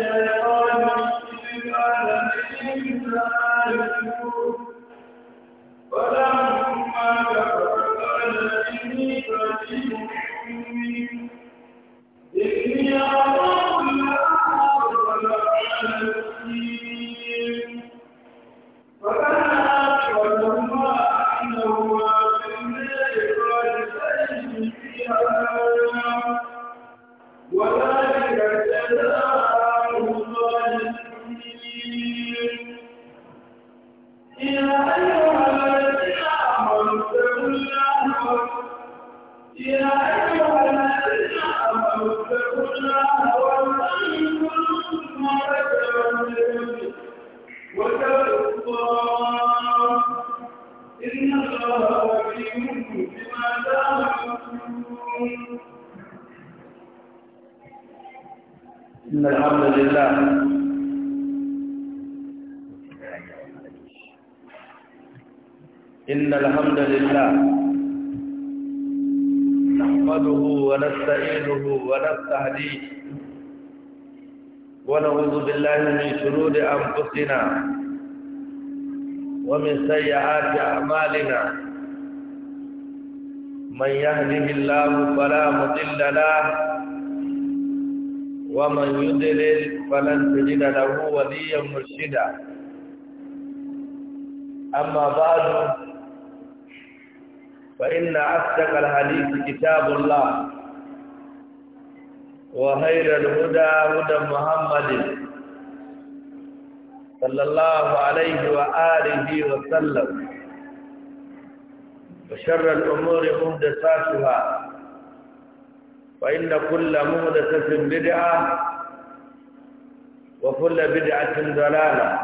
إله أنفسنا ومن سيئات أعمالنا من يهده الله فلا مضل له ومن يضلل فلن تجد له وليا مرشدا أما بعد فإن أصدق الحديث كتاب الله وخير الهدى هدى محمد صلى الله عليه وآله وسلم وشر الأمور مهدساتها وإن كل مهدسة بدعة وكل بدعة ضلالة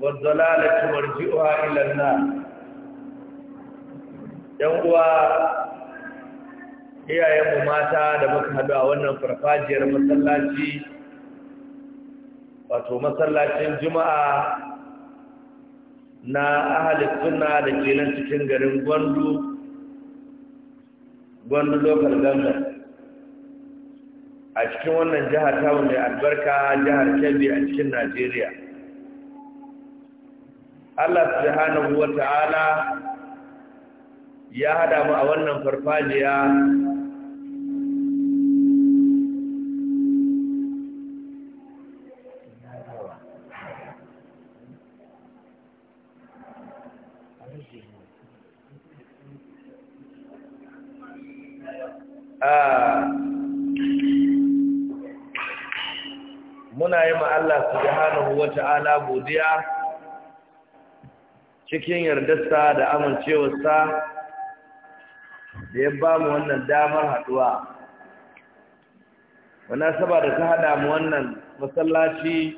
والضلالة مرجئها إلى النار ينقوى iyayenmu mata da muka haɗu a wannan farfajiyar masallaci wato masallacin juma'a na ahalin suna da ke nan cikin garin gwandu gwandu local government a cikin wannan jihar tamu mai albarka jihar kebbi a cikin najeriya allah subhanahu wa ta'ala ya hada mu a wannan farfajiya ta'ala godiya cikin yardarsa da amincewarsa da ya ba mu wannan damar Wana munasaba da ta haɗa mu wannan masallaci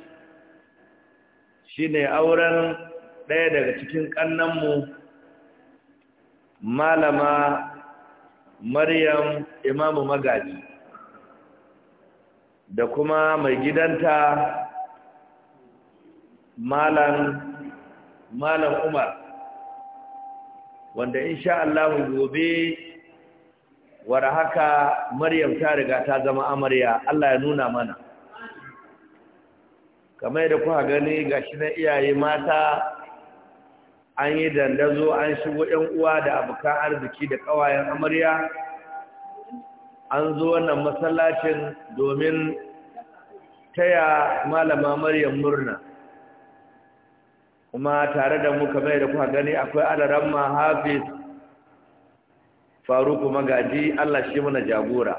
shine auren ɗaya daga cikin ƙannanmu malama maryam imamu magaji da kuma mai gidanta malam malam umar wanda insha Allah gobe wara haka maryam ta riga ta zama amarya Allah ya nuna mana kamar da kuka gani gashi na iyaye mata an yi dandazo an shigo ɗan uwa da abokan arziki da ƙawayen amarya an zo wannan masallacin domin taya malama maryam murna kuma tare da mu kamar da kuka gani akwai adaran mahabis faruku magaji Allah shi mana jagora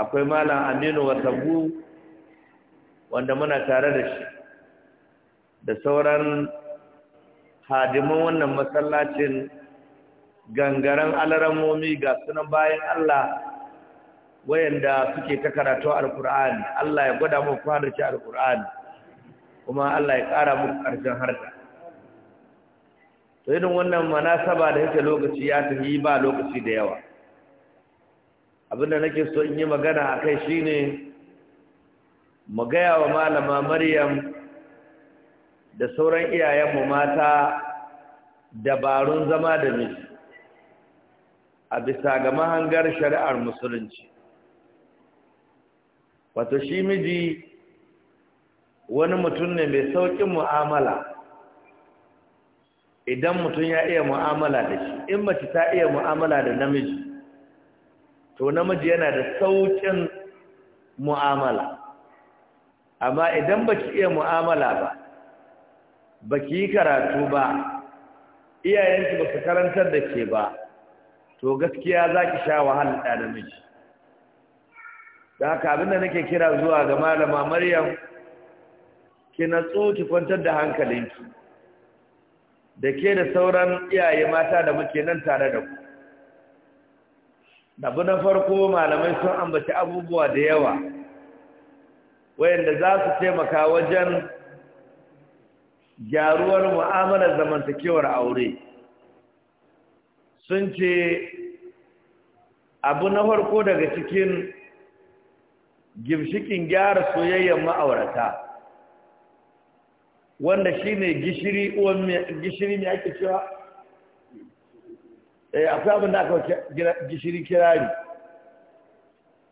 akwai malam aminu wasabu wanda muna tare da shi da sauran hadiman wannan masallacin gangaren alaramomi ga sunan bayan Allah wayanda suke ta karatu alkur'ani Allah ya gwada mu fara ci alkur'ani kuma Allah ya ƙara muku ƙarshen harta. to irin wannan manasaba da yake lokaci ya tafi ba lokaci da yawa Abin da nake so in yi magana a kai shine mu gaya wa malama maryam da sauran iyayenmu mata dabarun zama da miji a bisa ga mahangar shari'ar musulunci wato shi miji wani mutum ne mai saukin mu'amala idan mutum ya iya mu'amala da shi in mace ta iya mu'amala da namiji to namiji yana da saukin mu'amala amma idan baki iya mu'amala ba baki yi karatu ba iyayenki ba su karantar da ke ba to gaskiya za ki sha wahala da namiji da haka abinda nake kira zuwa ga malama maryam ki natsu ki kwantar da hankalinki da ke da sauran iyaye mata da muke nan tare da ku abu na farko malamai sun ambaci abubuwa da yawa wayanda za su taimaka wajen gyaruwar mu'amalar zamantakewar aure sun ce abu na farko daga cikin gimshikin gyara soyayyar ma'aurata wanda shi ne gishiri uwan gishiri mai ake cewa eh, a abin da aka gishiri kirari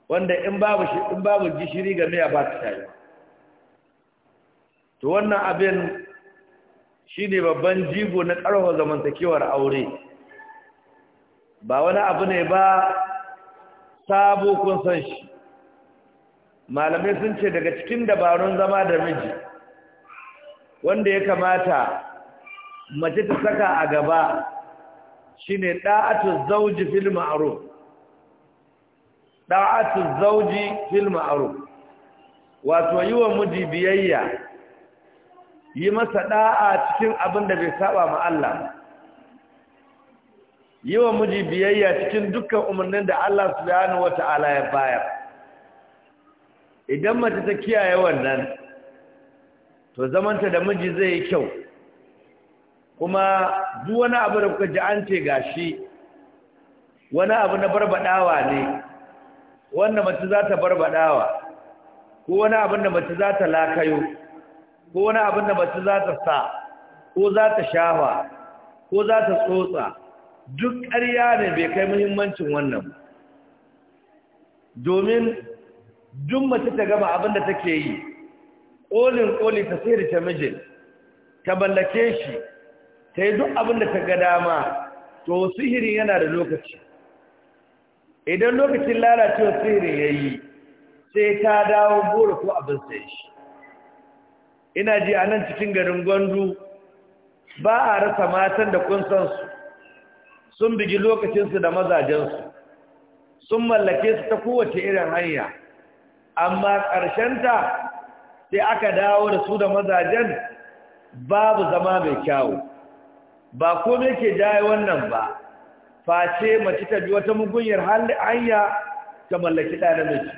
wanda in babu gishiri ga miya ba ta shayi to wannan abin shi ne babban jigo na ƙarfa zamantakewar aure ba wani abu ne ba sabo kun san shi malamai sun ce daga cikin dabarun zama da miji wanda ya kamata mace ta saka a gaba shine da'atu zawji fil ma'ruf da'atu fil ma'ruf wato yi wa miji biyayya yi masa da'a cikin abin da bai saba ma Allah yi wa miji biyayya cikin dukkan umarnin da Allah subhanahu wata'ala ya bayar idan mace ta kiyaye wannan to zamanta da miji zai yi kyau kuma duk wani abu da kuka ji an ce gashi wani abu na barbadawa ne wanda mace za ta barbadawa ko wani abin da mace za ta lakayo ko wani abin da mace za ta sa ko za ta shafa ko za ta tsotsa duk ƙarya ne bai kai muhimmancin wannan domin duk mace ta gama abin da take yi ƙolin ƙoli ta da ta mijin ta mallake shi ta yi duk abin da ta ga dama to sihiri yana da lokaci idan lokacin lalacewa sihiri ya yi sai ta dawo goro ko abin sai shi ina ji a nan cikin garin gwandu ba a rasa matan da kunsansu sun bugi lokacinsu da mazajensu sun mallake su ta kowace irin hanya amma ƙarshenta sai aka dawo da su da mazajen babu zama mai kyawu ba komai ke jaye wannan ba face mace ta bi wata mugunyar hanya ta mallaki ɗa namiji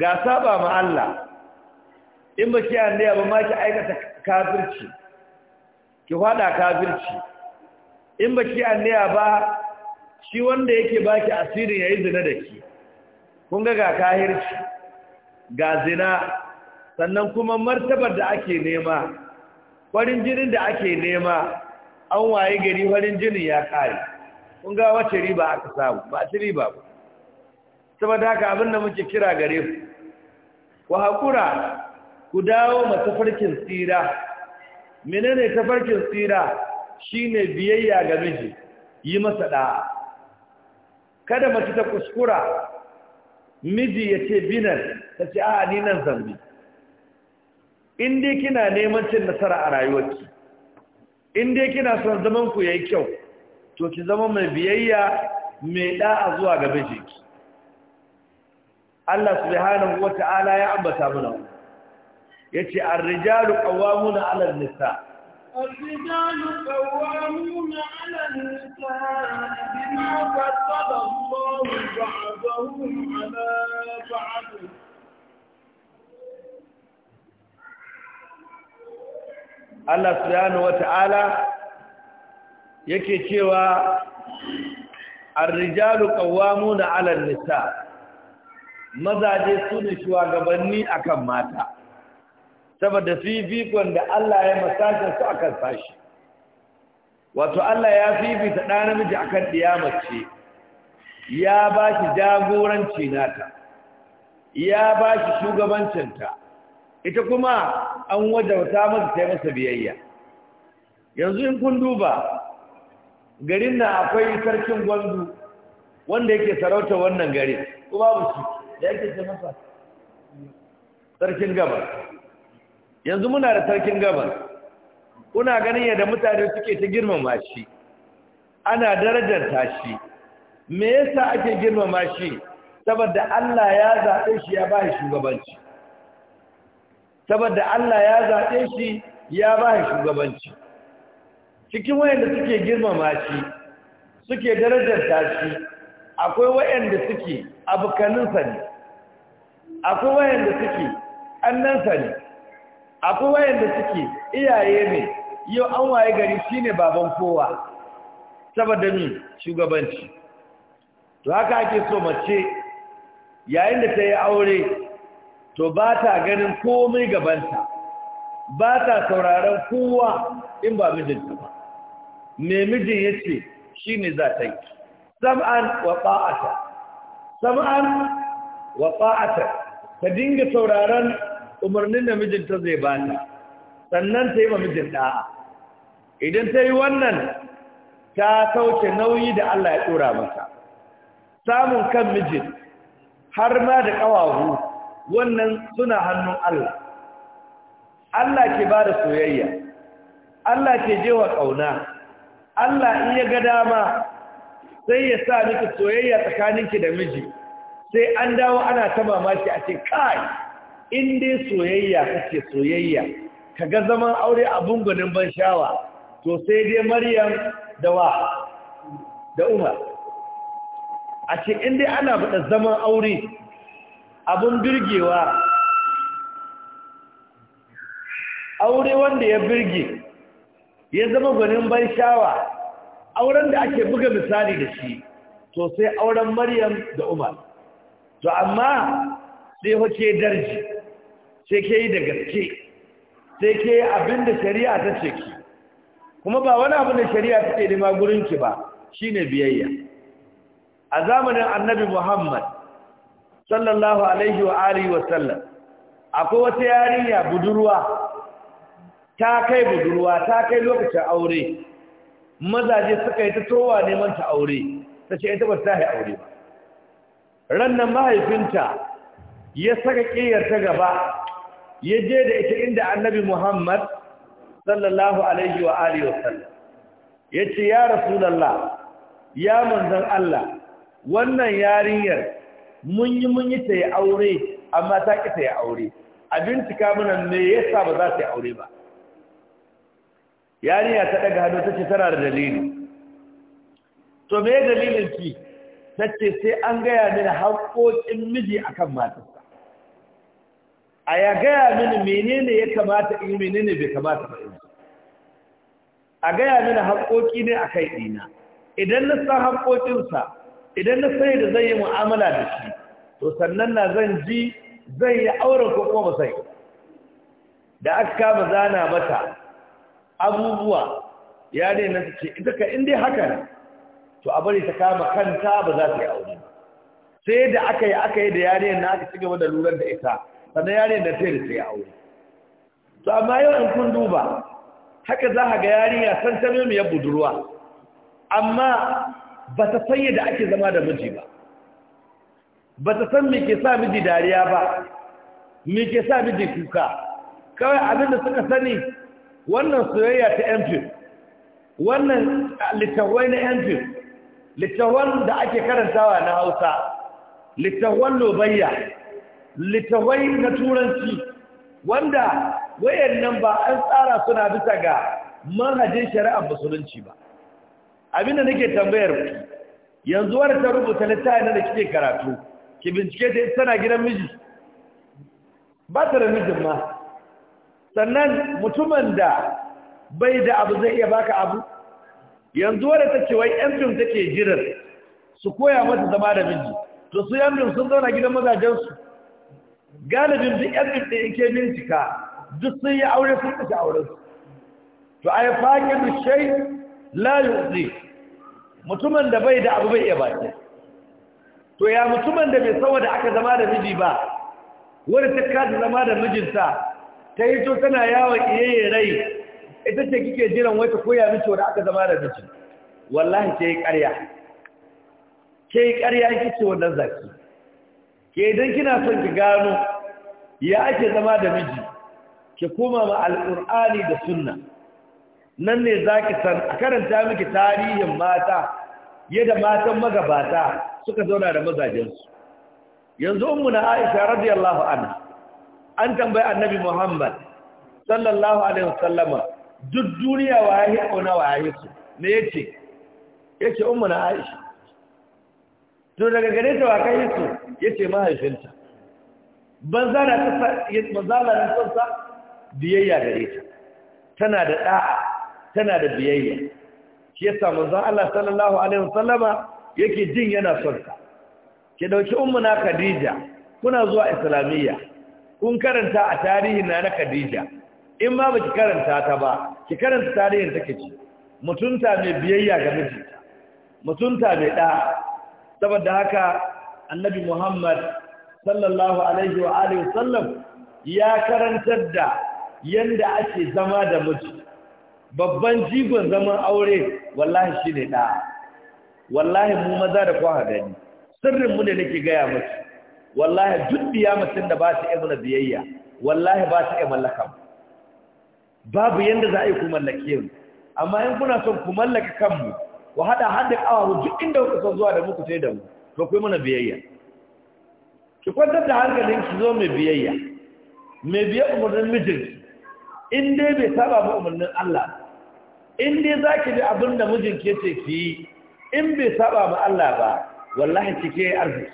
ga saba ma Allah in ba ki annaya ba ma ki aikata kafirci ki fada kafirci in ba ki annaya ba shi wanda yake baki asirin yayi zina da ki kun ga ga kahirci ga zina sannan kuma martabar da ake nema farin jinin da ake nema an waye gari farin jinin ya kare kun ga wace riba aka samu ba ci riba ba saboda haka abin da muke kira gare ku ku haƙura ku dawo ma matafarkin tsira menene tafarkin tsira shine biyayya ga miji yi masa da kada mace ta kuskura miji ya ce binan ta ce a ni nan zambi in dai kina neman cin nasara a rayuwarki in dai kina son zaman ku yayi kyau to ki zama mai biyayya mai da'a zuwa ga mijinki Allah subhanahu wata'ala ya ambata mana Ya yace ar-rijalu qawwamuna 'ala an-nisa ar-rijalu qawwamuna 'ala an-nisa bima faddala Allahu ba'dahum 'ala Allah subhanahu wata'ala yake cewa ar-rijalu qawwamuna 'ala an-nisa mazaje sune ne shugabanni akan mata saboda fifikon da Allah ya masashin su akan sashi wato Allah ya fifita ɗa namiji akan ɗiyamace ya bashi jagoranci nata ya bashi shi shugabancinta ita kuma an wajauta masa yi masa biyayya yanzu in kun duba garin na akwai sarkin gwandu wanda yake sarauta wannan gari ko babu su da yake ta masa sarkin gabas yanzu muna da sarkin gabas kuna ganin yadda mutane suke ta girmama shi ana darajar shi me yasa ake girmama shi saboda Allah ya zaɓe shi ya ba shi shugabanci saboda Allah ya zaɓe shi ya ba shi shugabanci cikin wayanda suke girmama shi suke darajar shi akwai wayanda suke abokaninsa ne akwai wayanda suke annansa ne akwai wayanda suke iyaye ne yau an waye gari shine baban kowa saboda ni shugabanci to haka ake so mace yayin da ta yi aure to ba ta ganin komai gabanta ba ta sauraron kowa in ba mijinta ba mai mijin ya ce shi ne za ta yi sam'an wa ba'ata sam'an wa ba'ata ta dinga sauraron umarnin da mijinta zai ba ta sannan ta yi wa mijin ɗa'a idan ta yi wannan ta sauke nauyi da Allah ya ɗora mata samun kan mijin har ma da ƙawahu wannan suna hannun Allah Allah ke ba da soyayya Allah ke je wa ƙauna Allah in ya ga dama sai ya sa miki soyayya tsakaninki da miji sai an dawo ana ta mamaki a ce kai in dai soyayya kake soyayya ka ga zaman aure a gwanin ban shawa to sai dai maryam da wa da umar a ce in dai ana bada zaman aure abun birgewa aure wanda ya birge ya zama gwanin ban shawa auren da ake buga misali da shi to sai auren maryam da umar to amma sai wace darji sai ke yi da gaske sai ke yi abin da shari'a ta ce ki kuma ba wani abin da shari'a ta ce nema gurinki ba shine biyayya a zamanin annabi muhammad sallallahu alaihi wa alihi wa sallam akwai wata yarinya budurwa ta kai budurwa ta kai lokacin aure mazaje suka yi ta towa neman ta aure ta ce ita ba ta yi aure ba rannan mahaifinta ya saka ƙiyar ta gaba ya je da ita inda annabi muhammad sallallahu alaihi wa alihi wa sallam ya ce ya rasulallah ya manzan allah wannan yarinyar mun yi mun yi ta yi aure amma ta ki ta yi aure a bincika mana me yasa ba za ta yi aure ba yarinya ta ɗaga hannu ta ce tana da dalili to me dalilin ki ta ce sai an gaya mini haƙoƙin miji akan matarsa a ya gaya mini menene ya kamata in menene bai kamata ba in a gaya mini haƙoƙi ne a kai ɗina idan na san haƙoƙinsa idan na sai da zai yi mu'amala da shi to sannan na zan ji zai yi auren ko kuma sai da aka kama zana mata abubuwa ya na su ce ita ka inda haka ne to a bari ta kama kanta ba za ta yi aure ba. sai da aka yi aka yi da yare na aka ci da lurar da ita sannan yare da sai da ta yi aure to amma yau in kun duba haka za ga yariya san mu ya budurwa amma ba ta san yadda ake zama da miji ba ba ta san me ke sa miji dariya ba me ke sa miji kuka kawai abin da suka sani wannan soyayya ta yanfin wannan littawai na yanfin littawan da ake karantawa na hausa littawan lobayya littawai na turanci wanda wayannan ba an tsara suna bisa ga manhajin shari'ar musulunci ba Abin da nake tambayar ku. yanzu wani ta rubuta littafi na da kike karatu ki bincike ta tana gidan miji ba ta da mijin ma sannan mutumin da bai da abu zai iya baka abu yanzu wani ta ce wai yan fim take jiran su koya mata zama da miji to su yan fim sun zauna gidan mazajensu galibin duk yan fim ɗaya ke bincika duk sun yi aure sun aure su, to a yi fakin shai la yuzi mutumin da bai da abu bai iya baki to ya mutumin da bai saboda aka zama da miji ba wani ta kada zama da mijinta ta yi to tana yawon iyayen rai ita ce kike jiran ta koya miki wani aka zama da miji wallahi ke yi ƙarya ke yi ƙarya ce wannan zaki ke idan kina son ki gano ya ake zama da miji ki koma ma alqur'ani da sunna nan ne za ki san a karanta miki tarihin mata yadda matan magabata suka zauna da mazajensu yanzu umu na aisha radiyallahu anha an tambayi annabi muhammad sallallahu alaihi wasallama duk duniya waye auna waye su me yace yace umu na aisha to daga gare ta wakai yace yace mahaifinta banza da ta banza da ta biyayya gare ta tana da da'a tana da biyayya shi yasa manzon Allah sallallahu alaihi wasallama yake jin yana son ka ki dauki na Khadija kuna zuwa islamiyya kun karanta a tarihi na na Khadija in ma baki karanta ta ba ki karanta tarihin take ci mutunta mai biyayya ga mijinta mutunta mai da saboda haka annabi Muhammad sallallahu alaihi wa alihi wasallam ya karantar da yanda ake zama da miji babban jigon zaman aure wallahi shi ne ɗa wallahi mu maza da kwa gani sirrinmu ne nake gaya musu wallahi duk biya mutum da ba ta biyayya wallahi ba su iya mallaka babu yanda za a yi ku mallake mu amma in kuna son ku mallaka kanmu ku haɗa haɗa ƙawa duk inda kuka son zuwa da muku sai da mu to ku yi mana biyayya ki kwantar da hankalin ki zo mai biyayya mai biya umarnin mijinki in dai bai saba ma umarnin Allah in dai za ki bi abin da mijin ke ce ki yi in bai saba ma Allah ba wallahi cike arziki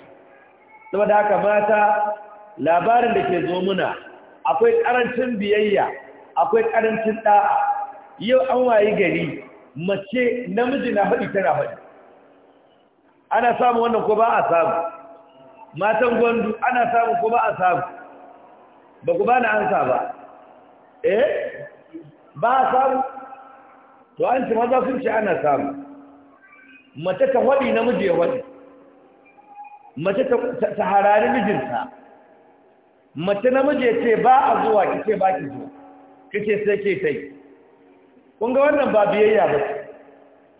saboda haka mata labarin da ke zo muna akwai karancin biyayya akwai karancin da'a yau an wayi gari mace namiji na faɗi tana faɗi ana samu wannan ko ba a samu matan gwandu ana samu ko ba a samu ba ku ba na ansa ba eh ba a samu to an ci maza sun ce ana samu mace ta waɗi namiji ya waɗi mace ta harari mijinta mace namiji ya ce ba a zuwa ki ce ba ki zuwa ki ce sai ke ta yi ƙunga wannan ba biyayya ba ce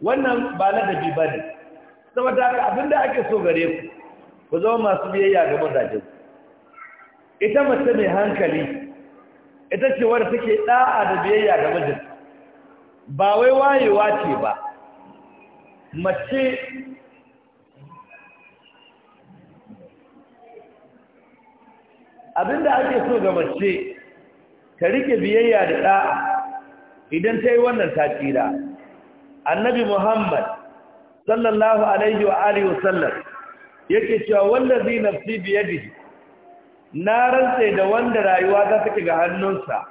wannan ba na dabi ba ne saboda haka abinda ake so gare ku ku zama masu biyayya ga mazajen ita mace mai hankali ita ce wadda take da'a da biyayya ga mijinta ba wai wayewa ce ba mace abinda ake so ga mace ta rike biyayya da ɗa'a idan ta yi wannan tasira annabi muhammad sallallahu alaihi wa alihi yake cewa wanda wallazi nafsi biyadihi na rantse da wanda rayuwa ta take ga hannunsa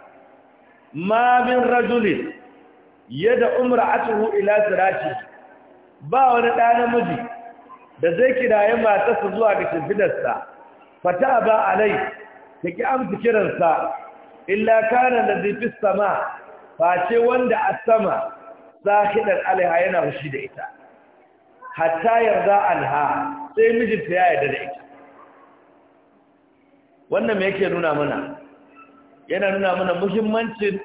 ma min rajulin yadda umra'atuhu ila sirati ba wani ɗa namiji da zai kiraye matarsa zuwa ga shimfidarsa fata ba alai ta ki amsa kiransa illa kana da zai sama face wanda a sama zahidar alaiha yana hushi da ita hatta yarda alha sai mijinta ya yarda da ita wannan me yake nuna mana yana nuna mana muhimmancin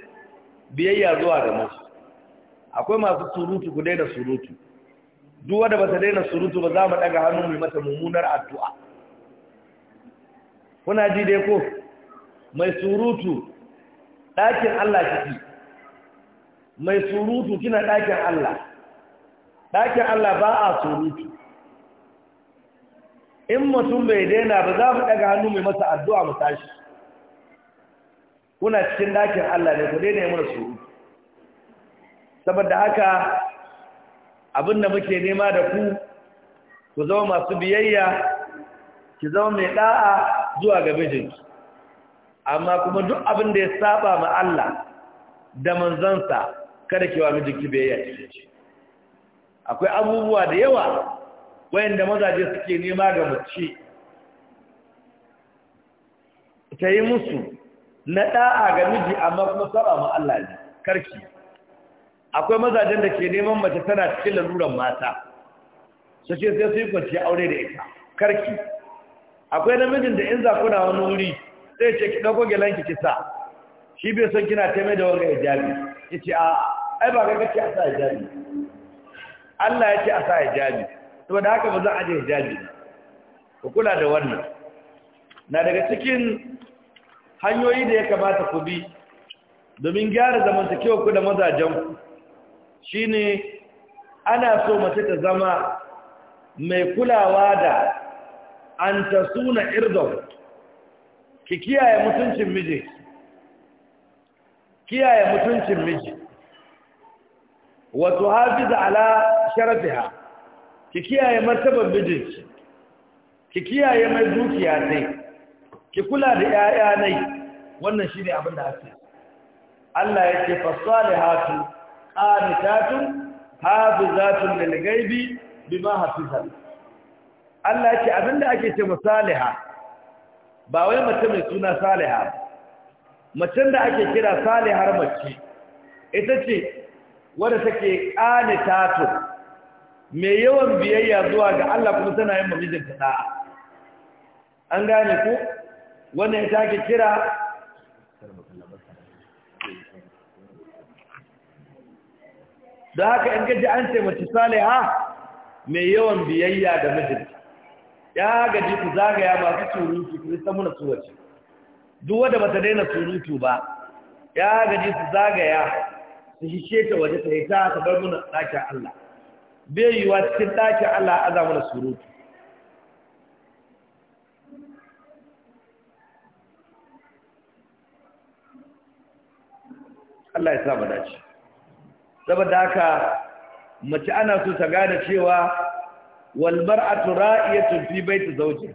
biyayya zuwa ga masu akwai masu surutu ku daina surutu duk wanda ba ta daina surutu ba za mu daga hannu mu mata mummunar addu'a kuna ji dai ko mai surutu ɗakin Allah kiki mai surutu kina ɗakin Allah ɗakin Allah ba a surutu in mutum bai daina ba za mu daga hannu mai mata addu'a mu tashi kuna cikin ɗakin Allah ne ku daina yi mana surutu saboda haka abinda muke nema da ku ku zama masu biyayya ki zama mai da'a zuwa ga mijinki amma kuma duk abin da ya saba ma Allah da manzansa kada ki wa mijinki biyayya akwai abubuwa da yawa wayanda mazaje suke nema ga mace ta yi musu na da'a ga miji amma kuma saba ma Allah ne karki akwai mazajen da ke neman mace tana cikin laluran mata su ce sai su yi kwanci aure da ita karki akwai namijin da in za na wani wuri sai ce ki ɗauko gelanki ki sa shi bai son kina taimai da wanga hijabi ya ce a ai ba gaga ce a sa hijabi Allah ya ce a sa hijabi da haka ba zan aje hijabi ku kula da wannan na daga cikin hanyoyi da ya kamata ku bi domin gyara zamantakewa ku da mazajenku Shi ne ana so mace ta zama mai kulawa da an ta suna irdon ki kiyaye mutuncin miji kiyaye mutuncin miji wato hafiza ala sharafiha ki kiyaye martaban mijinki ki kiyaye mai dukiya ne ki kula da 'ya'ya ne wannan shine abin da ake Allah yake fasalihatu qanitatun hafizatun lil ghaibi bima hafiza Allah yake abinda ake ce Saliha ba wai mace mai suna saliha macen da ake kira salihar mace ita ce wadda take qanitatun mai yawan biyayya zuwa ga Allah kuma tana yin mamijin ta da'a an gane ku wannan ita ake kira da haka in gaji an ce mace saliha mai yawan biyayya da mijinta ya gaji ku zagaya masu surutu ku san muna suwace duk wanda bata daina surutu ba ya gaji su zagaya su hishe ta waje ta yi ta bar muna ɗakin Allah bai yiwa cikin ɗakin Allah aza muna surutu Allah ya sa mu dace saboda haka mace ana so ta gane cewa wal mar'atu ra'iyatu fi baiti zawji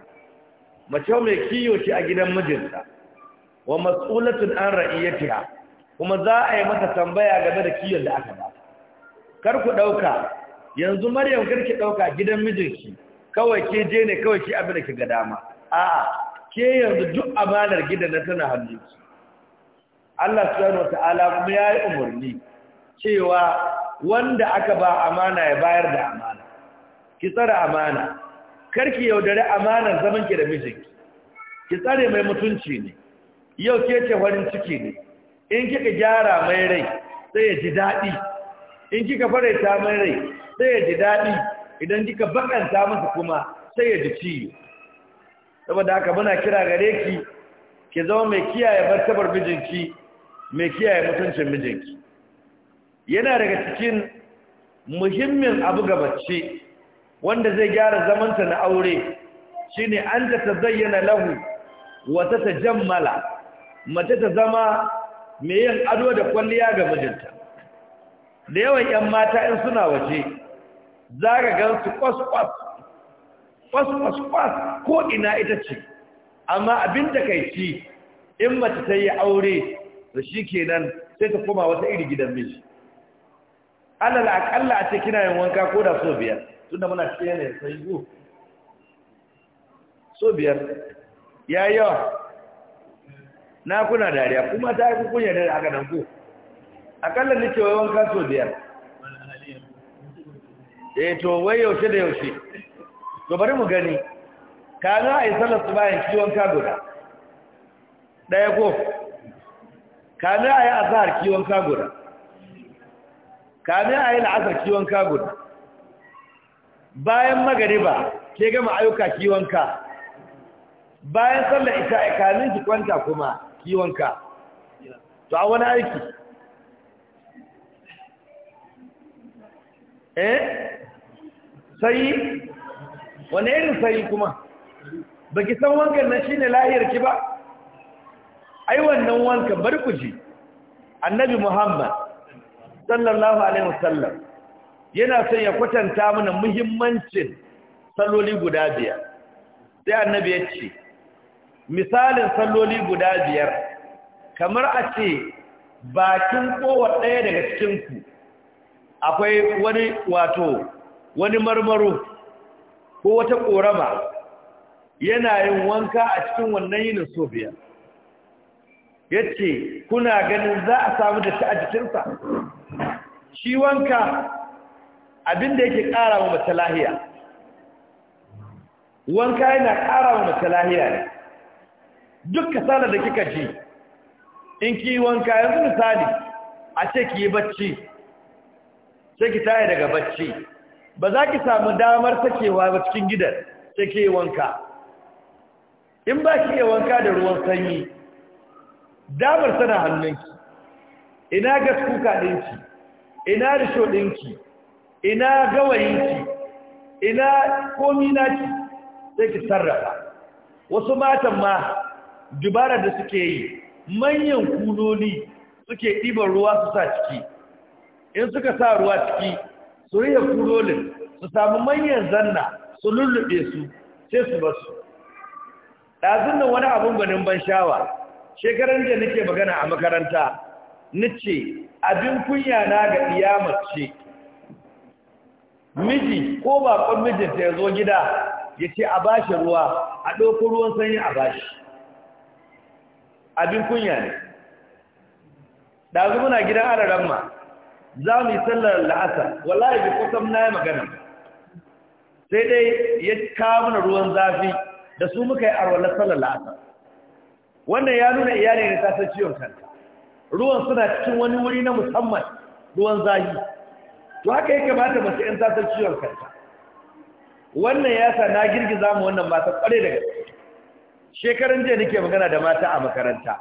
mace mai kiyo ce a gidan mijinta wa mas'ulatun an ra'iyatiha kuma za a yi mata tambaya game da kiyon da aka ba kar ku dauka yanzu maryam kar ki dauka gidan mijinki kawai ke je ne kawai ki abin da ki ga dama a'a ke yanzu duk amanar gidan na tana hannunki Allah subhanahu Ta'ala kuma yayi umurni cewa wanda aka ba amana ya bayar da amana ki tsara amana karki yaudare amanar zaman ki da mijinki ki tsare mai mutunci ne yau ke ce farin ciki ne in kika gyara mai rai sai ya ji daɗi in kika faraita mai rai sai ya ji daɗi idan kika bakanta masa kuma sai ya ji ciwo saboda haka muna kira gare ki ki zama mai kiyaye martabar mijinki mai kiyaye mutuncin mijinki yana daga cikin muhimmin abu gabace wanda zai gyara zamanta na aure shine an ta tazayyana lahu wata ta tajammala mace ta zama mai yin ado da kwalliya ga mijinta da yawan 'yan mata in suna waje za ka gansu kwas-kwas kwas-kwas ko ina ita ce amma abin da kai ci in mace ta yi aure da shi kenan sai ta koma wata iri gidan miji alal akalla a ce kina yin wanka ko da so biyar tunda muna cikin yanayin sai go uh. so biyar ya yawa na kuna dariya kuma ta yi kunya da aka nan ko akalla nake wai wanka so biyar eh to wai yaushe da yaushe to bari mu gani ka za a yi sallar su bayan kiwon wanka guda ɗaya ko ka za a yi azahar kiwon wanka guda kamin a yi la'asar kiwon ka guda bayan magariba ke gama ayyuka kiwon ka bayan sallar ita a kamin ki kwanta kuma kiwon ka to a wani aiki eh sai wani irin sai kuma baki san wankan na shine lahiyar ki ba ai wannan wankan bar ku ji annabi muhammad sallallahu alaihi wasallam yana son ya kwatanta mana muhimmancin salloli guda biyar sai annabi ya ce misalin salloli guda biyar kamar a ce bakin kowa ɗaya daga cikinku akwai wani wato wani marmaro ko wata ƙorama yana yin wanka a cikin wannan yin sobiya ya ce kuna ganin za a samu da shi a jikinsa shi wanka abin da yake ƙara wa mace lahiya wanka yana ƙara wa mace lahiya ne duk kasala da kika ji in ki wanka yanzu misali a ce ki yi bacci sai ki taya daga bacci ba za ki samu damar sakewa ba cikin gidan sai ki yi wanka in ba ki yi wanka da ruwan sanyi damar sana hannunki ina gas ɗinki ina risho ɗinki ina gawayinki ina komi ki? sai ki sarrafa wasu matan ma dubara da suke yi manyan kunoni suke ɗiban ruwa su sa ciki in suka sa ruwa ciki su riya kulolin su samu manyan zanna su lullube su sai su basu ɗazun nan wani abin gwanin ban shawa shekaran da nake magana a makaranta nace abin kunya na ga ce miji ko baƙon mijinta ya zo gida ya ce a bashi ruwa a ɗauko ruwan sanyi a bashi abin kunya ne ɗazu muna gidan araran ma za mu yi sallar la'asar wallahi bi kusan na yi magana sai dai ya kawo mana ruwan zafi da su muka yi arwalar sallar la'asar wannan ya nuna iyali ne ta san ciwon kanta ruwan suna cikin wani wuri na musamman ruwan zahi to haka ya kamata mace ‘yan tasar ciwon kanta wannan ya sa na girgiza mu wannan mata kware daga shekarun jiya nake magana da mata a makaranta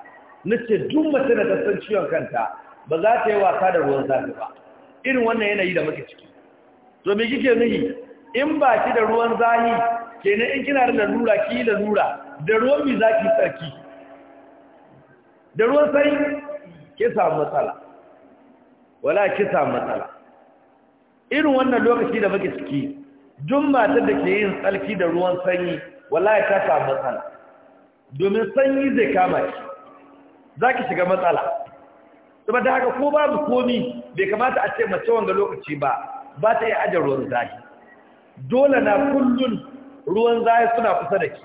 nace duk mace da tasar ciwon kanta ba za ta yi wasa da ruwan zafi ba irin wannan yanayi da muke ciki to me kike nuhi in ba ki da ruwan zahi kenan in kina da lura ki da lura da ruwan mi zaki tsarki da ruwan sanyi kisa matsala wala kisa matsala irin wannan lokaci da muke ciki duk matar da ke yin tsarki da ruwan sanyi wala ta samu matsala domin sanyi zai kama ki za ki shiga matsala saboda haka ko babu komi bai kamata a ce mace wanga lokaci ba ba ta yi ajiyar ruwan zahi dole na kullun ruwan zahi suna kusa da ki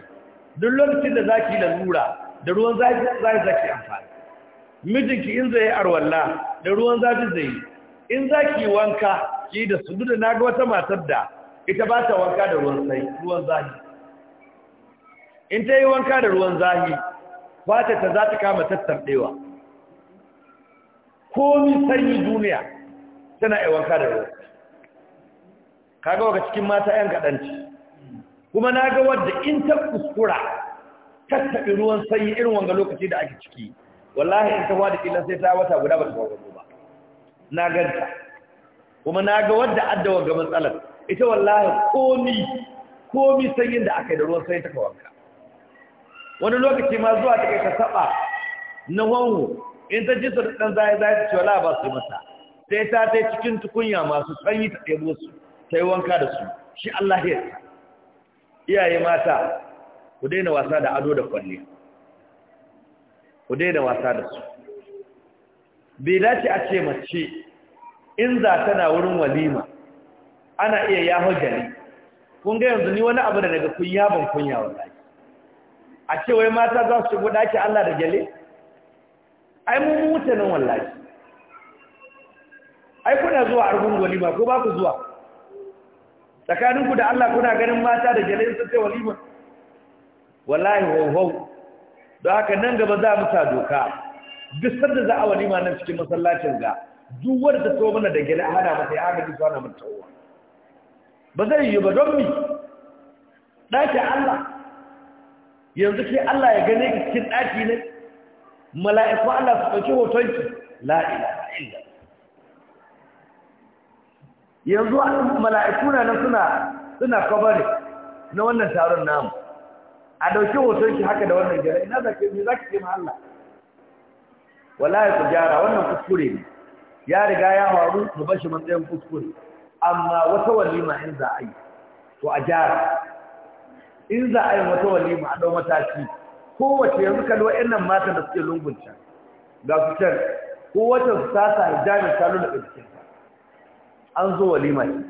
duk lokacin da za ki lalura da ruwan zahi za ki amfani mijinki in zai arwalla da ruwan zafi zai in za ki wanka ki da su da na ga wata matar da ita ba ta wanka da ruwan sai ruwan zafi in ta yi wanka da ruwan zafi ba ta ta za ta kama Ko komi sanyi duniya tana yi wanka da ruwan kaga waka cikin mata 'yan kaɗanci kuma na ga wadda in ta kuskura tattaɓi ruwan sanyi irin wanga lokaci da ake ciki wallahi in ta wada kila sai ta wata guda ba ta kawo ba na ganta kuma na ga wadda addawa ga matsalar ita wallahi komi komi sanyin da aka yi da ruwan sai ta kawanka wani lokaci ma zuwa ta kai ka saba na wanwo in ta ji su dan zai zai ta ce wala ba su yi mata sai ta ta cikin tukunya masu sanyi ta ɗebo su ta yi wanka da su shi Allah ya iyaye mata ku daina wasa da ado da kwalliya ku daina wasa da su bai dace a ce mace in za tana wurin walima ana iya yaho gari kun ga yanzu ni wani abu da daga kun yaban kunya wallahi a ce wai mata za su shigo daki Allah da gale ai mu nan wallahi ai kuna zuwa argun walima ko ba ku zuwa tsakaninku da Allah kuna ganin mata da gale sun ce walima wallahi ho ho don haka nan gaba za mu sa doka duk sanda za a walima nan cikin masallacin ga duk wanda so mana da gida hana mata ya haka duk hana mata tawo ba zai yi ba don mi ɗakin Allah yanzu ke Allah ya gane ki cikin ɗaki ne mala'iku Allah su ɗauki hotonki la ilaha illa yanzu mala'iku na suna suna kabari na wannan taron namu a dauki hoton shi haka da wannan jira ina zaki me zaki ce ma Allah wallahi ku jara wannan kuskure ne ya riga ya faru mu bashi shi matsayin kuskure amma wata walima in za a yi to a jara in za a yi wata walima a dau mataki kowace yanzu kalli wa'annan matan da suke lungunta ga su can kowace su sasa hijabin ta lulluɓe jikinta an zo walima ce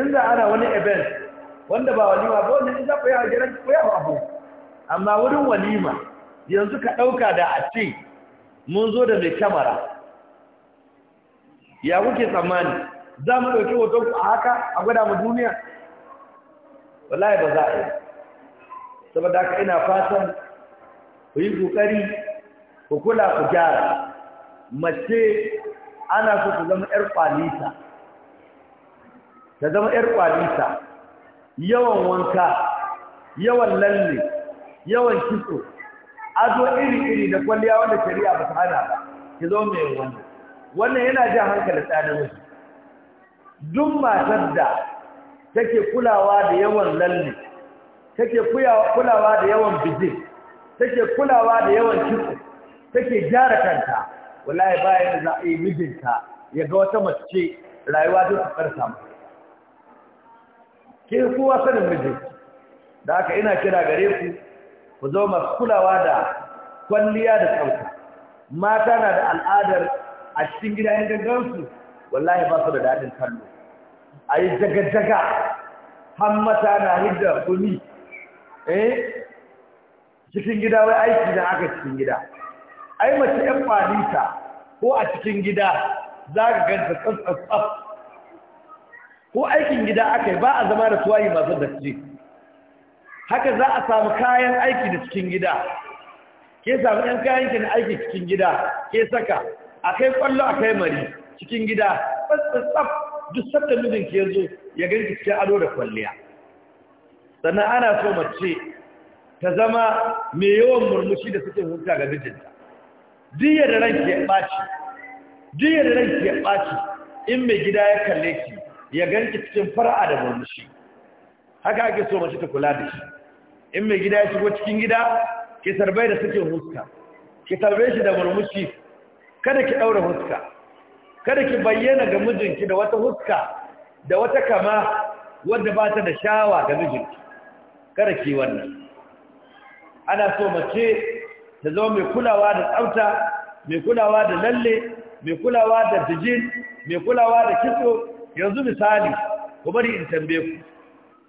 in za ana wani event wanda ba walima ba wanda in za ku yi a gidan ku yawa abu amma wurin walima yanzu ka ɗauka da a ce mun zo da mai kyamara ya kuke tsammani za mu ɗauki hoton ku a haka a gwada mu duniya wallahi ba za a yi saboda haka ina fatan ku yi ƙoƙari ku kula ku gyara mace ana so ta zama 'yar kwalita ta zama 'yar kwalita yawan wanka yawan lalle yawan kitso azo iri-iri da kwalliya wanda shari'a ba ta hana ba ki zo mai wannan wannan yana jin hankali tsadan wasu duk matar da take kulawa da yawan lalle take kulawa da yawan bijin take kulawa da yawan kitso take gyara kanta wallahi ba da za a yi mijinta ya ga wata mace rayuwa ta karsa mata ke kowa sanin miji da aka ina kira gare ku ku zo masu kulawa da kwalliya da tsauka mata na da al'adar a cikin gida yin gangansu wallahi ba su da daɗin kallo a yi jaga-jaga hammata na hidda kuni. eh cikin gida wai aiki da aka cikin gida ai mace yan kwanita ko a cikin gida za ka ganta tsaf ko aikin gida aka yi ba a zama da tuwayi masu datti haka za a samu kayan aiki da cikin gida ke samu ɗan kayan aiki cikin gida ke saka a kai kwallo a kai mari cikin gida tsaf duk sabta mijin ke zo ya ganki cikin ado da kwalliya sannan ana so mace ta zama mai yawan murmushi da suke hukunta ga mijinta diyar da ranki ya ɓaci diyar da ranki ya ɓaci in mai gida ya kalle ki ya ganki cikin fara'a da murmushi haka ake so mace ta kula da shi in mai gida ya shigo cikin gida ki tarbai da suke huska ki tarbe shi da murmushi kada ki daura huska kada ki bayyana ga mijinki da wata huska da wata kama wadda ba ta da shawa ga mijinki kada ki wannan ana so mace ta zama mai kulawa da tsafta mai kulawa da lalle mai kulawa da jijin mai kulawa da kitso yanzu misali ku bari in tambaye ku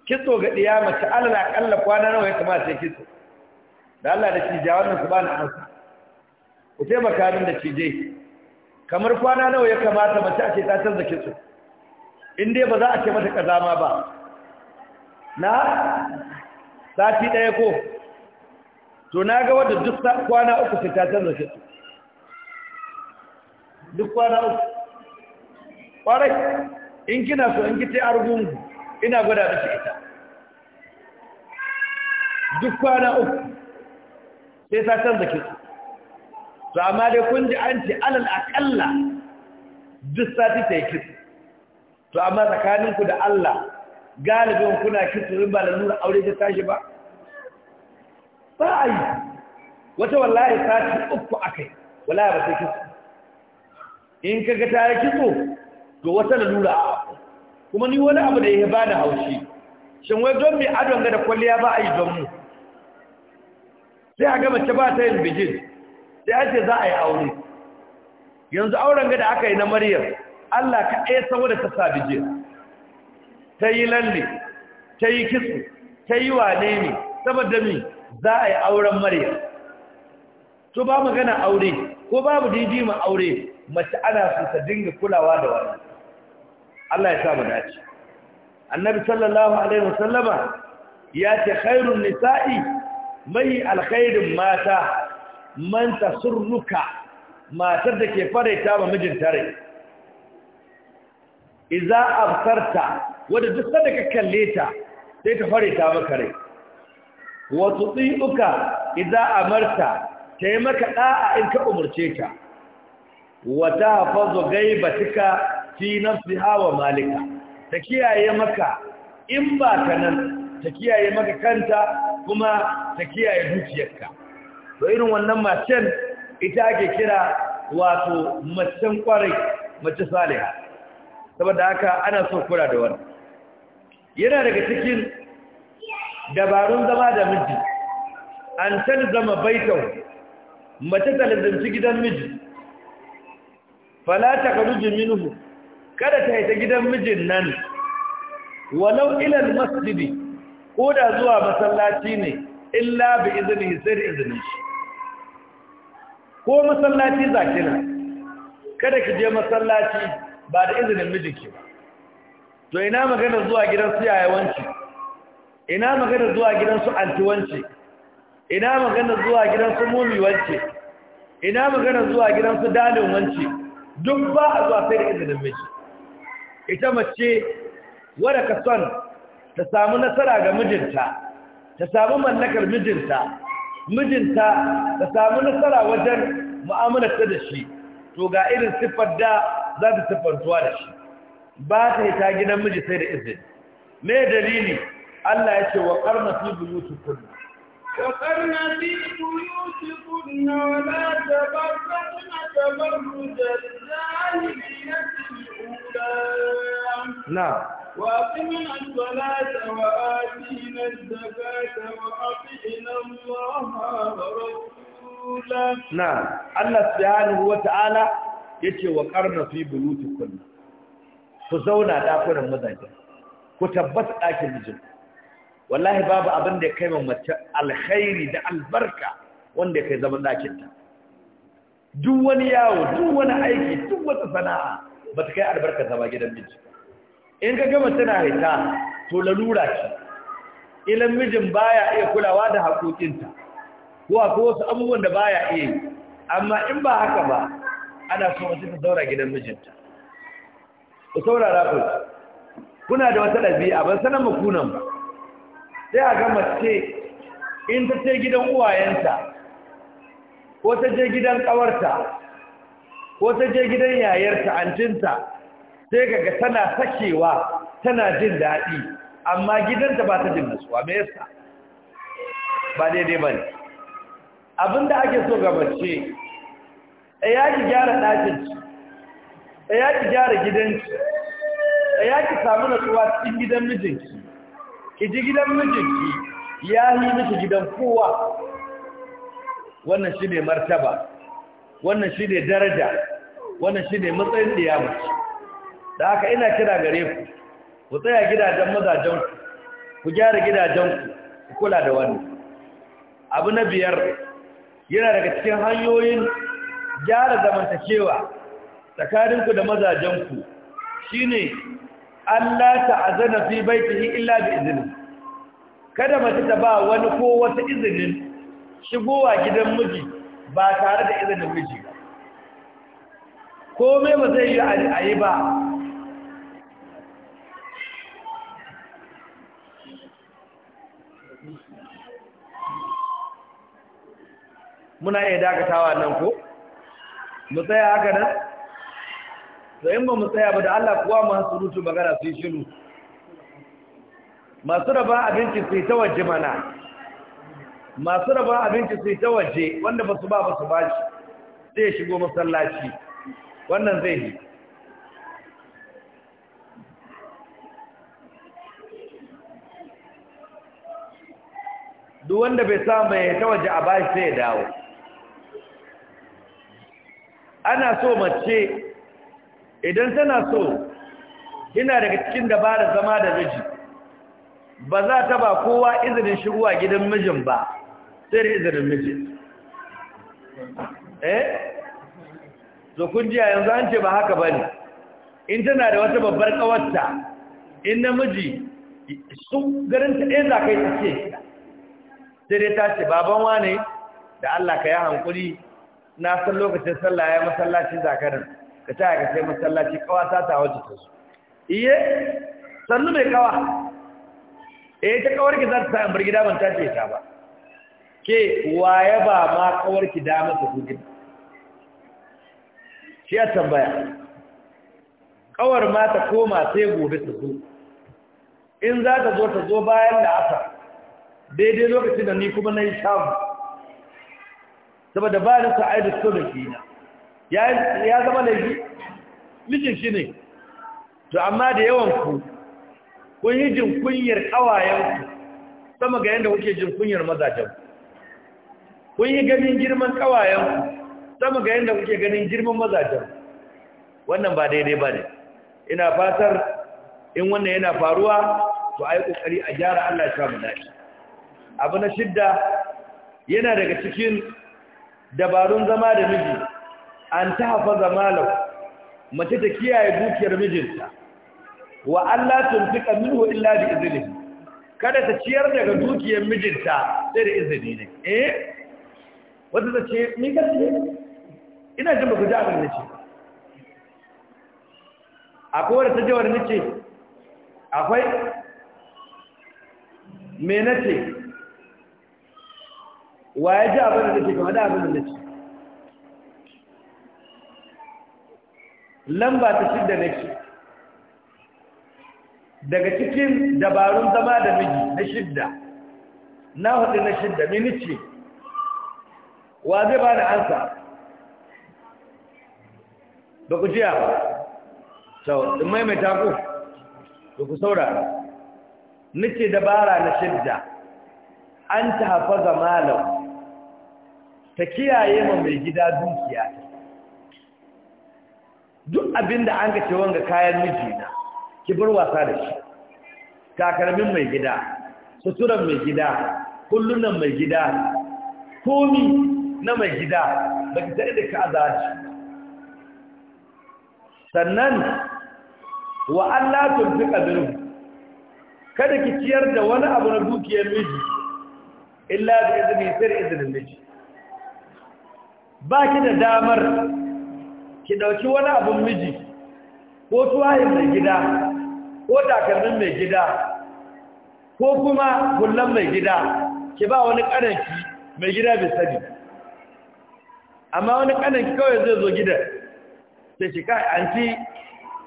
kitso ga ɗiya mace alala akalla kwana nawa ya kamata ya kitso da Allah da cija wannan ku bani ansa ku taimaka min da cije kamar kwana nawa ya kamata mace a ce ta da kitso in dai ba za a ce mata kazama ba na sati ɗaya ko to na ga wadda duk kwana uku sai tatar da kitso duk kwana uku ƙwarai in kina so in kita argungu ina gwada miki ita duk kwana uku sai ta canza kitso to amma dai kun ji an ce alal akalla duk sati ta yi kitso to amma tsakaninku da Allah galibin kuna kitso rin ba lalura aure ta tashi ba ba a yi wata wallahi sati uku a kai, wallahi ba sai kitso in kaga ta yi kitso to wata lalura a kuma ni wani abu da ya ba da haushi shin wai don mai adon ga da kwalliya ba a yi don mu sai a gama ta ba ta yin bijin sai a ce za a yi aure yanzu auren ga da aka yi na maryam allah ka ɗaya saboda ta sa bijin ta yi lalle ta yi kitso ta yi wane ne saboda mi za a yi auren maryam to ba magana aure ko babu didi ma aure mace ana su ta dinga kulawa da wani Allah ya sa mu dace annabi sallallahu alaihi wasallama ya ce khairun nisa'i mai alkhairin mata man tasurruka matar da ke faraita ba mijin tare iza absarta wanda duk sanda ka kalle ta sai ta faraita maka rai wa tuti'uka idza amarta taimaka da'a in ka umurce ta wa tahfazu gaibatika fi nafsi hawa malika ta kiyaye maka in ba ta nan ta kiyaye maka kanta kuma ta kiyaye zuciyarka, to irin wannan macen ita ake kira wato macen kwarai mace saliha saboda haka ana so kura da wani yana daga cikin dabarun zama da miji an can zama baitau mace ta gidan miji fala ta karu kada ta haita gidan mijin nan walau ilal masjidi ko da zuwa masallaci ne illa bi izini sai da izinin shi ko masallaci zaki na, kada ki je masallaci ba da izinin ki ba to ina magana zuwa gidan su yayawanci ina magana zuwa gidan su antiwanci ina magana zuwa gidan su mumiwanci ina magana zuwa gidan su dalin wanci duk ba a zuwa sai da izinin miji ita mace wadda ka son ta samu nasara ga mijinta ta samu mallakar mijinta mijinta ta samu nasara wajen mu'amalarta da shi to ga irin siffar da za ta siffantuwa da shi ba ta yi ta gidan miji sai da izini me dalili Allah ya ce wa karna fi buyutu kullu وقرن في بيوتكن ولا تبرجن تبرج الجاهلية الأولى نعم وأقمنا الصلاة وآتينا الزكاة وأطعنا الله ورسوله نعم الله سبحانه وتعالى yace wa karna fi kullum. ku zauna dakunan mazaje ku tabbata ɗakin mijinku wallahi babu abin da kai mace alkhairi da albarka wanda kai zaman ɗakinta duk wani yawo duk wani aiki duk wata sana'a ba ta kai albarka ta ba gidan miji in ka gama tana haita to lalura ce ilan mijin baya iya kulawa da haƙoƙinta ko akwai wasu abubuwan da baya iya amma in ba haka ba ana so mace ta zaura gidan mijinta ku saurara ku kuna da wata ɗabi'a ban sanar makunan ba sai a ga mace in ta ce gidan uwayenta ko ta je gidan kawarta ko ta je gidan yayarta antinta sai ga tana sakewa tana jin daɗi amma gidanta ba ta jin nasuwa mai yasa ba daidai ba ne abinda ake so ga mace ya ki gyara ɗakinki ya ki gyara gidanci ya ki samu nasuwa cikin gidan mijinki ki ji gidan mijinki ya yi miki gidan kowa wannan shi martaba wannan shi daraja wannan shi matsayin da ya mace da haka ina kira gare ku ku tsaya gidajen mazajenku ku gyara gidajenku ku kula da wannan abu na biyar yana daga cikin hanyoyin gyara zamantakewa tsakaninku da mazajen ku shine Allah ta'azana fi baitihi illa bi izini kada mace ta ba wani ko wata izinin shigowa gidan miji ba tare da izinin miji ba komai ba zai yi a yi ba muna iya dakatawa nan ko mu tsaya haka nan to yin ba mu tsaya ba da Allah kuwa masu surutu magana su yi shiru masu raba abinci su yi ta waje mana masu raba abinci su yi ta waje wanda ba su ba ba su ba shi zai shigo masallaci wannan zai yi duk wanda bai samu ya ta waje a bashi sai ya dawo ana so mace idan tana so ina daga cikin dabarar zama da miji ba za ta ba kowa izinin shigowa gidan mijin ba sai da izinin mijin eh to kun ji yanzu an ce ba haka bane in tana da wata babbar kawarta in namiji su garin ta ɗaya za ka yi sai dai ta ce baban wane da Allah ka yi hankuli na san lokacin sallah ya masallacin zakarin ka taya ka sai masallaci kawa ta ta wace ta su iye sannu mai kawa eh ta kawar ki za ta sa ambar gida ban ta ce ta ba ke waye ba ma kawar ki da masa gudun shi ya tambaya kawar ma ta koma sai gobe ta zo in za ta zo ta zo bayan da asa. daidai lokacin da ni kuma na yi shamu saboda ba ni sa'ai da so da fina ya zama laifi mijin shi ne to amma da yawan ku kun yi jin kunyar kawayenku sama ga yadda kuke jin kunyar mazajen kun yi ganin girman kawayenku sama ga yadda kuke ganin girman mazajen wannan ba daidai ba ne ina fatar in wannan yana faruwa to a yi ƙoƙari a gyara Allah ya mu dace abu na shidda yana daga cikin dabarun zama da miji an ta hafaza malam mace ta kiyaye dukiyar mijinta wa Allah tunfika minhu illa bi iznihi kada ta ciyar daga dukiyar mijinta sai da izini ne eh wata ta ce ni kace ina jin ku ji abin da ce akwai wanda ta je wanda nace akwai me nace wa ya ji abin da nace kuma da abin da nace lamba ta shidda nake daga cikin dabarun zama da miji na shidda na hudu na shidda minici wa zai ba da ansa ba ku jiya ba sau in maimaita ku da ku saurara ce dabara na shidda an ta hafa zamalau ta kiyaye ma mai gida dukiya ta abinda an ka ce wanga kayan mijina ki bar wasa da shi takalmin mai gida suturan mai gida kullunan mai gida komi na mai gida ba ki tare da ka azaci sannan wa Allah tun fi kada ki ciyar da wani abu na dukiyar miji illa da izini sai izinin miji ba ki da damar ki ɗauki wani abin miji ko tuwayin mai gida ko takalmin mai gida ko kuma kullum mai gida ki ba wani ƙananki mai gida bai sani amma wani ƙananki kawai zai zo gidan sai shi kai an ci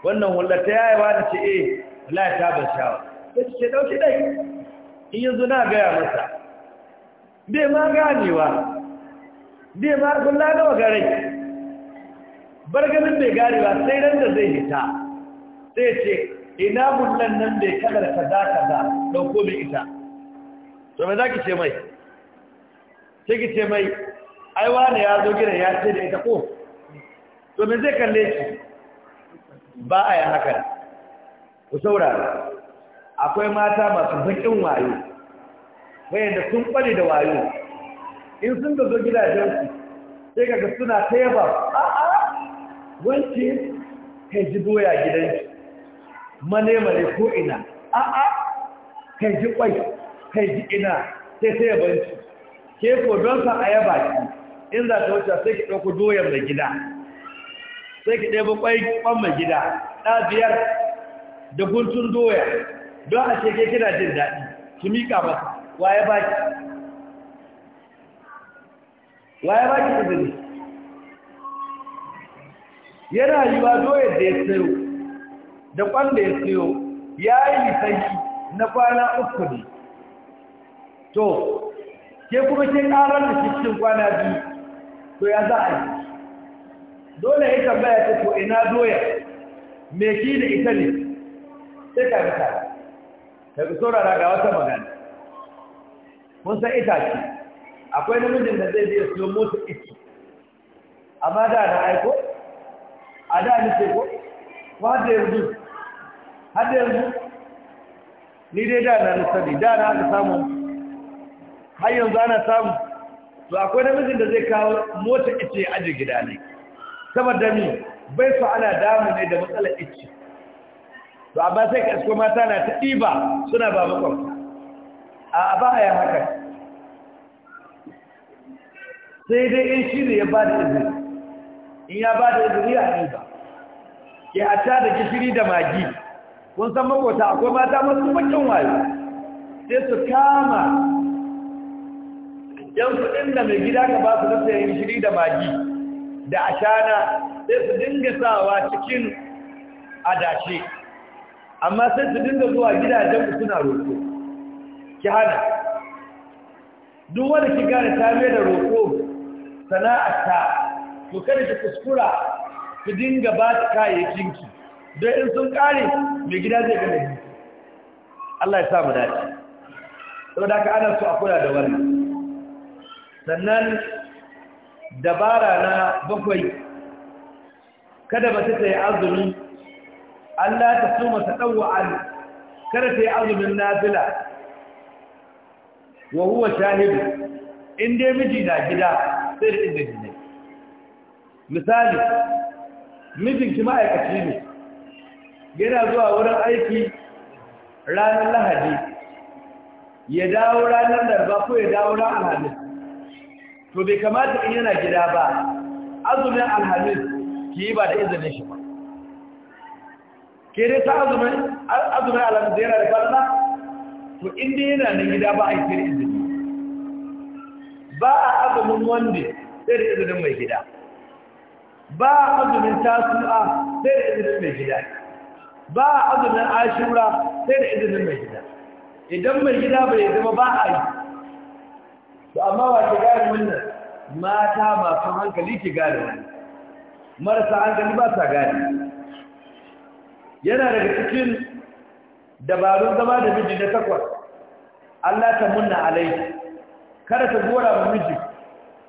wannan ya ta yayewa da ce e eh, lai ta ban shawa sai ki ɗauki dai in yanzu na gaya masa bai ma ganewa bai ma kulla da wagarai barganin bai gari ba sai ran da zai hita sai ce ina mullan nan bai da ka kaza dauko mai ita to me zaki ce mai sai ki ce mai ai wani ya zo gidan ya ce da ita ko to me zai kalle shi ba a yi haka ku saurara akwai mata masu bakin wayo da sun kware da wayo in sun ga zo gidajensu sai kaga suna ta a wance kai ji doya gidanki mane-mane ko ina a'a kai ji kwai kai ji ina sai sai yabanci ke ko don sa ayaba ki in za ta wuce sai ki ɗauko doyan mai gida sai ki ɗaya kwai kwan mai gida ɗa biyar da guntun doya don a ce ke kina jin daɗi ki miƙa masa waye baki waye ki izini yana yiwa doyar da ya sayo da kwanda ya sayo ya yi sanki na kwana uku ne to ke kuma ke karar da cikin kwana biyu to ya za a yi dole ya tambaya ta ko ina doya me ki da ita ne sai ka bi tare ka bi saurara ga wata magana mun san itace akwai namijin da zai je siyo motsa iki amma da na aiko a da ṣe ko wá da yanzu har dé yanzu ni dai da ní nisani da na aka samu har yanzu ana samu to akwai namijin da zai kawo mota ice aji gida ne saboda mi bai so ana damu ne da matsalar ice to amma sai ka isko mata na ta ɗiba suna ba makwabta a ba a yi haka sai dai in shi ne ya ba da izini in ya ba da izini a ba. ke a ta da gishiri da magi kun san makota akwai mata masu bakin wayo sai su kama yan kudin da mai gida ka ba su sayan gishiri da magi da ashana sai su dinga sawa cikin adashe amma sai su dinga zuwa gidajen ku suna roƙo ki hana duk wanda ki gane ta da roƙo sana'arta Ku kada ki kuskura ku dinga ba ta kayayyakin ki don in sun kare mai gida zai gane ki Allah ya sa mu dace saboda ka ana so a kula da wannan sannan dabara na bakwai kada ba ta yi azumi Allah ta masa ta dawwa kada ta yi azumin nafila wa huwa shahid in dai miji na gida sai da izini misali mijinki ma'aikaci ne yana zuwa wurin aiki ranar lahadi ya dawo ranar larba ko ya dawo ranar alhamis to bai kamata in yana gida ba azumin alhamis ki yi ba da izinin shi ba ke dai ta azumin alhamis da yana da falla to inda yana na gida ba a yi izini ba a azumin wanda sai da izinin mai gida ba azumin tasu'a sai da izinin mai gida ba azumin ashura sai da izinin mai gida idan mai gida bai zama ba a yi to amma ba ke gane wannan mata masu hankali ke gari marasa hankali ba sa gane yana daga cikin dabarun zama da miji na takwas Allah ta munna alai kada ta gora wa miji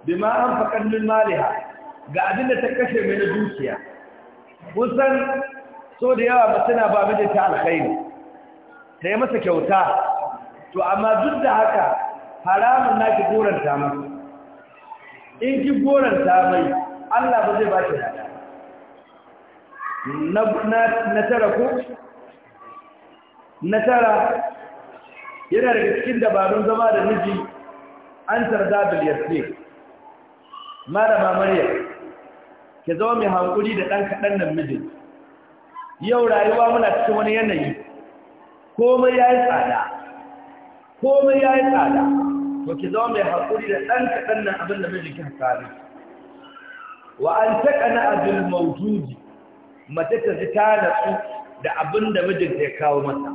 bima an faƙar maliha ga abin da ta kashe mai na dukiya san so da yawa suna ba ta alkhairi ta yi masa kyauta to amma duk da haka haramun na ki goranta mai in ki goranta mai allah ba zai ba ki na tara ku na tara yana daga cikin dabarun zama da miji an tarda biliyar malama maryam ya zama mai hankuri da ɗan kaɗan nan mijin yau rayuwa muna cikin wani yanayi komai ya yi tsada komai ya yi tsada to ki zama mai hankuri da ɗan kaɗan nan abin da mijin ki tsari wa an taƙa na abin maujudi mace ta ji ta natsu da abin da mijin ta ya kawo mata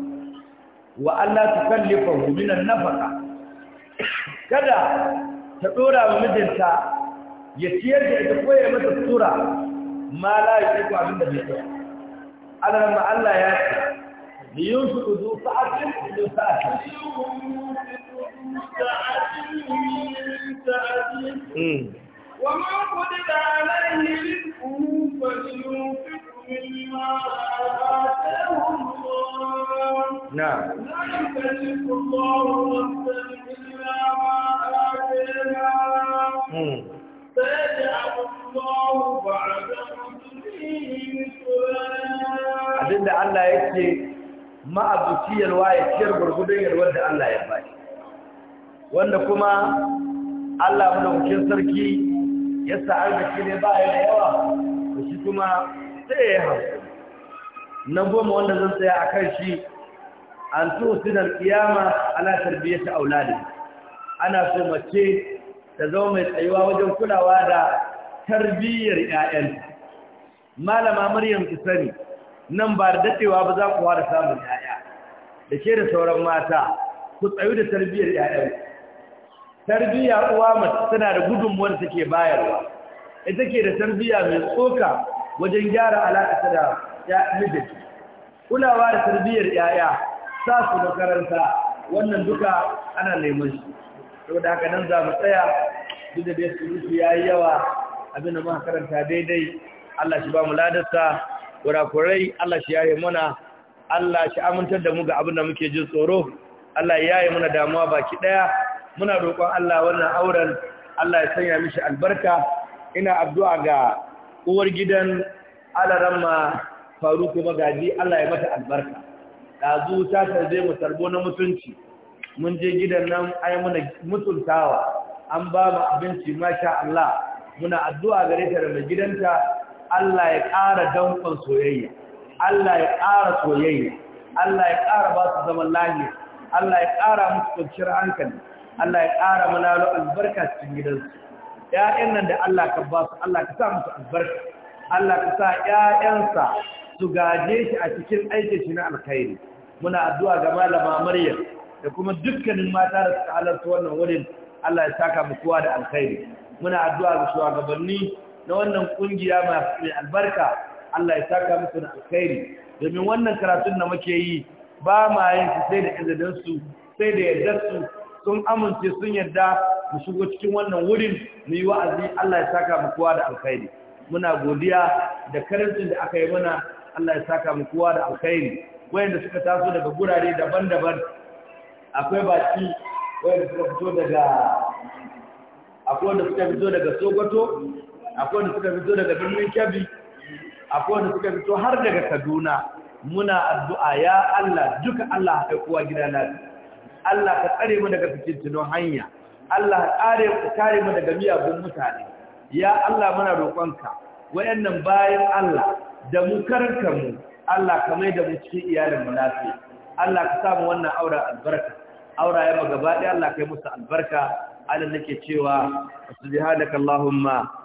wa Allah ta kallifa huminan nafaka kada ta ɗora wa mijinta ya ciyar da ita ko ya mata tura ma la yi ko abin da bai tsaya Allah ma Allah ya ce li yunfiqu du sa'atin du sa'atin hmm. وما قدر عليه رزقه فلينفق مما آتاه Allah yake ma'abuci yalwa ciyar gurgudun yalwar da Allah ya bai wanda kuma Allah madaukakin sarki ya sa'ar da shi ne ba ya da yawa da shi kuma sai ya hausa na goma wanda zan tsaya a kan shi an tusinar kiyama ala tarbiyyata auladin ana so mace ta zama mai tsayuwa wajen kulawa da tarbiyyar yayan malama maryam ki sani nan ba da daɗewa ba za ku fara samun ‘ya'ya da ke da sauran mata ku tsayu da tarbiyyar ‘ya'yan tarbiyya uwa mace tana da gudunmuwar take bayarwa ita ke da tarbiyya mai tsoka wajen gyara alaƙa da mijinta kulawa da tarbiyyar ‘ya'ya sa su makaranta wannan duka ana neman shi Saboda haka nan za mu tsaya duk da dai su ya yi yawa abin da muka karanta daidai Allah shi ba mu ladarsa kurakurai Allah shi yaye muna Allah shi amintar da mu ga abin da muke jin tsoro Allah ya yaye muna damuwa baki daya muna roƙon Allah wannan auren Allah ya sanya mishi albarka ina addu'a ga uwar gidan Alaramma Faruku Magaji Allah ya mata albarka dazu ta tarbe mu tarbo na mutunci mun je gidan nan ai muna mutuntawa an ba mu abinci masha Allah muna addu'a gare ta da mai gidanta Allah ya ƙara dankon soyayya Allah ya ƙara soyayya Allah ya ƙara ba su zaman lafiya Allah ya ƙara musu kwanciyar hankali Allah ya ƙara mana albarka cikin gidansu ƴaƴan nan da Allah ka ba su Allah ka sa musu albarka Allah ka sa ƴaƴansa su gaje shi a cikin aikin shi na alkhairi muna addu'a ga malama Maryam da kuma dukkanin mata da suka halarta wannan wurin Allah ya saka mu kowa da alkhairi muna addu'a ga shugabanni na wannan kungiya mai albarka Allah ya saka musu da alkhairi domin wannan karatun da muke yi ba ma yin su sai da su, sai da su, sun amince sun yadda mu shigo cikin wannan wurin mu yi wa'azi Allah ya saka mu kowa da alkhairi muna godiya da karancin da aka yi mana Allah ya saka mu kowa da alkhairi wayanda suka taso daga gurare daban-daban akwai baki wayanda suka fito daga akwai wanda suka fito daga Sokoto akwai wanda suka fito daga birnin Kebbi akwai wanda suka fito har daga Kaduna muna addu'a ya Allah duka Allah ka kuwa gida lafi Allah ka tsare mu daga fitintunan hanya Allah kare mu kare mu daga miyagun mutane ya Allah muna roƙonka wayannan bayan Allah da mu karanta mu Allah ka mai da mu cikin iyalin mu lafi Allah ka sa mu wannan aura albarka aura ya magaba ɗaya Allah ka yi musu albarka Allah nake cewa subhanakallahumma